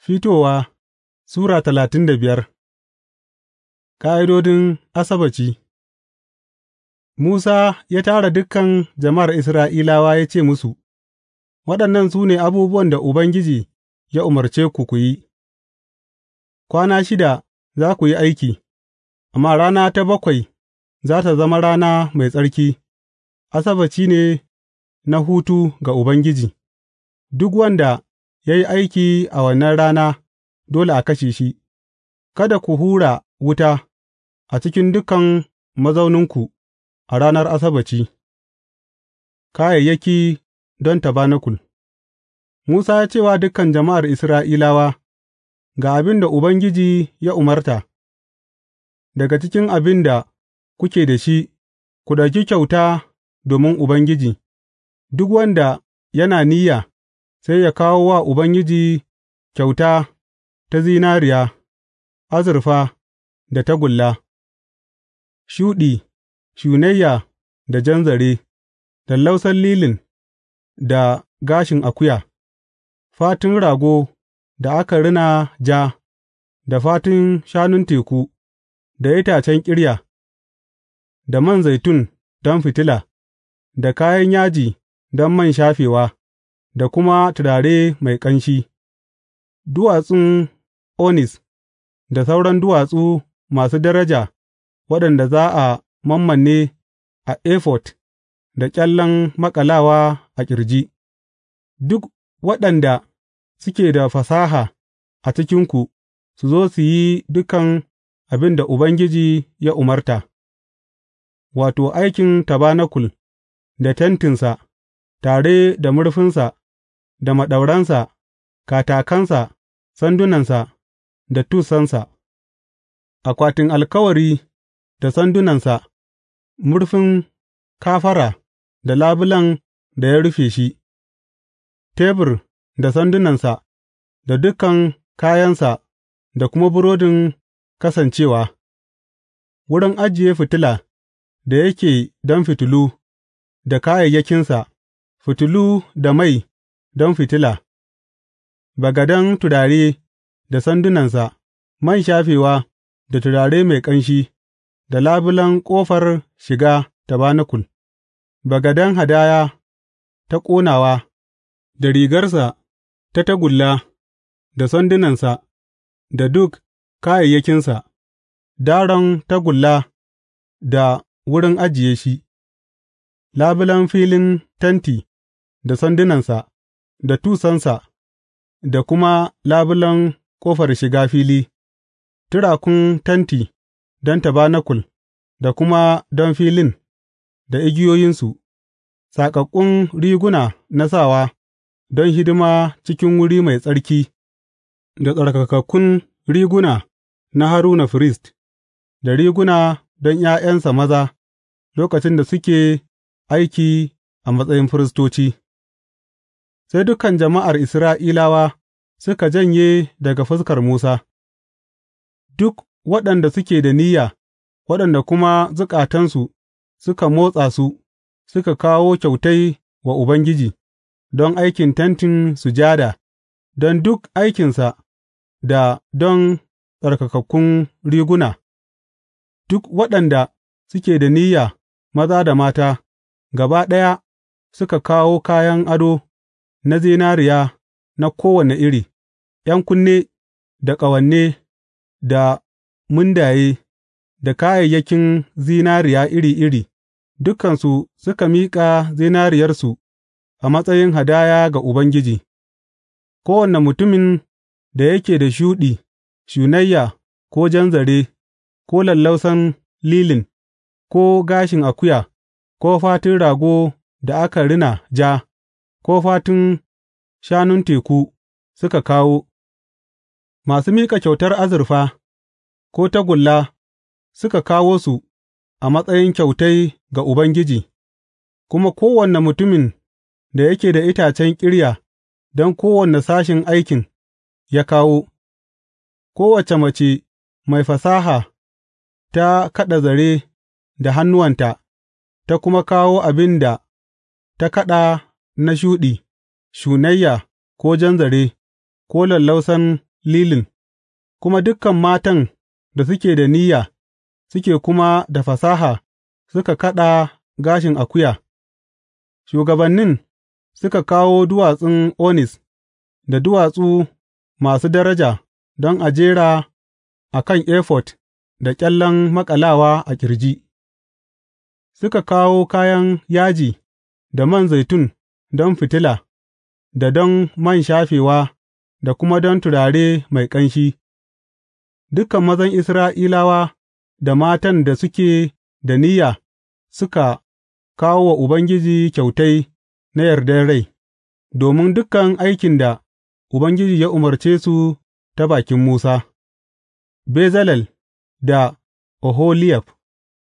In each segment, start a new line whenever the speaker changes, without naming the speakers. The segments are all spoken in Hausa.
Fitowa Sura talatin da biyar Ƙa'idodin asabaci Musa ya tara dukan jama'ar Isra'ilawa ya ce musu, Waɗannan su ne abubuwan da Ubangiji ya umarce ku ku yi, Kwana shida za ku yi aiki, amma rana ta bakwai za ta zama rana mai tsarki, asabaci ne na hutu ga Ubangiji, duk wanda ya yi aiki a wannan rana, dole a kashe shi, kada ku hura wuta a cikin dukan mazauninku a ranar Asabbaci. Kayayyaki don tabanakul Musa ya ce wa dukan jama'ar Isra'ilawa, Ga abin da Ubangiji ya umarta, daga cikin abin da kuke da shi, ku ɗauki kyauta domin Ubangiji, duk wanda yana niyya. sai ya kawo wa Ubangiji kyauta ta zinariya, azurfa da tagulla, shuɗi, shunayya da jan zare, lallausan lilin da gashin akuya, fatun rago da aka rina ja, da fatun shanun teku, da itacen ƙirya, da man zaitun don fitila, da kayan yaji don man shafewa. da kuma turare mai ƙanshi, duwatsun onis da sauran duwatsu masu daraja waɗanda za a mammane a efod da ƙyallen maƙalawa a ƙirji, duk waɗanda suke da fasaha a cikinku su zo su yi dukan abin da Ubangiji ya umarta, wato, aikin tabanakul da tentinsa, tare da murfinsa da maɗauransa, katakansa, sandunansa da tussansa, akwatin alkawari da sandunansa, murfin kafara da labulan da ya rufe shi, tebur da sandunansa, da dukan kayansa da kuma burodin Kasancewa, wurin ajiye fitila da yake don fitilu da kayayyakinsa, fitilu da mai. don fitila, bagadan turare da sandunansa, man shafewa da turare mai ƙanshi, da labulen ƙofar shiga tabanakul, bagadan hadaya ta ƙonawa, da rigarsa ta tagulla, da sandunansa, da duk kayayyakinsa, daron tagulla da wurin ajiye shi, labulen filin tenti da sandunansa. da tusansa, da kuma labulen ƙofar shiga fili, turakun tenti don tabanakul, da kuma don filin, da igiyoyinsu, saƙaƙƙun riguna na sawa don hidima cikin wuri mai tsarki, da tsarkakakkun riguna na Haruna firist, da riguna don ’ya'yansa maza lokacin da suke aiki a matsayin firistoci. Sai dukan jama'ar Isra'ilawa suka janye daga fuskar Musa, duk waɗanda suke da niyya, waɗanda kuma zukatansu suka motsa su, suka kawo kyautai wa Ubangiji, don aikin Tentin Sujada, don duk aikinsa, da don tsarkakakkun riguna, duk waɗanda suke da niyya maza da mata, gaba ɗaya suka kawo kayan ado. na zinariya na kowane iri, ’yan kunne, da ƙawanne da mundaye, da kayayyakin zinariya iri iri, dukansu suka miƙa zinariyarsu a matsayin hadaya ga Ubangiji, kowane mutumin da yake da shuɗi, shunayya, ko jan zare, ko lallausan lilin, ko gashin akuya, ko fatun rago da aka rina ja. ko fatun shanun teku suka kawo, masu miƙa kyautar azurfa ko tagulla suka kawo su a matsayin kyautai ga Ubangiji, kuma kowane mutumin da yake da itacen ƙirya don kowane sashin aikin ya kawo, kowace mace mai fasaha ta kaɗa zare da hannuwanta, ta kuma kawo abin da ta kaɗa na shuɗi, shunayya ko jan zare, ko lallausan lilin, kuma dukan matan da suke da niyya, suke kuma da fasaha suka kaɗa gashin akuya, shugabannin suka kawo duwatsun onis da duwatsu masu daraja don a jera a kan efot da ƙyallen maƙalawa a ƙirji, suka kawo kayan yaji da man zaitun don fitila, da don man shafewa da kuma don turare mai ƙanshi, dukan mazan Isra'ilawa da matan da suke da niyya suka kawo wa Ubangiji kyautai na yardar rai, domin dukan aikin da Ubangiji ya umarce su ta bakin Musa, Bezalel da Oholiyab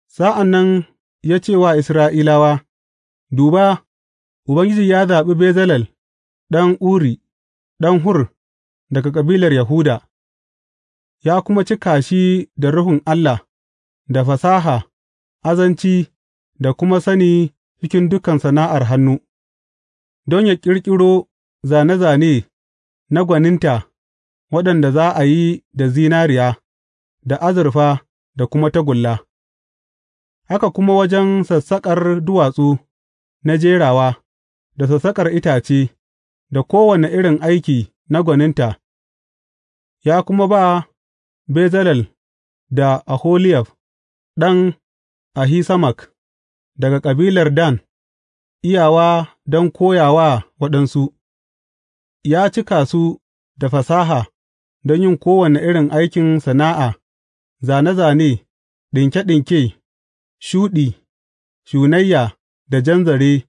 Sa'an nan ya ce wa Isra'ilawa, Duba! Ubangiji ya zaɓi Bezalel ɗan Uri, ɗan Hur daga kabilar Yahuda, ya kuma cika shi da Ruhun Allah, da fasaha, azanci da kuma sani cikin dukan sana'ar hannu, don ya ƙirƙiro zane zane na gwaninta waɗanda za a yi da zinariya, da azurfa da kuma tagulla, haka kuma wajen sassaƙar duwatsu na jerawa. da sassaƙar itace, da kowane irin aiki na gwaninta, ya kuma ba Bezalel da aholiyaf ɗan Ahisamak daga kabilar Dan iyawa don koya wa waɗansu, ya cika su da fasaha don yin kowane irin aikin sana'a, zane-zane ɗinke ɗinke, shuɗi, shunayya da jan zare.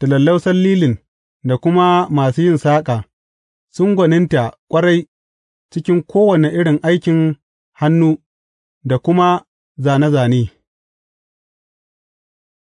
da lallausan lilin da kuma masu yin saƙa, sun gwaninta ƙwarai cikin kowane irin aikin hannu da kuma zane-zane.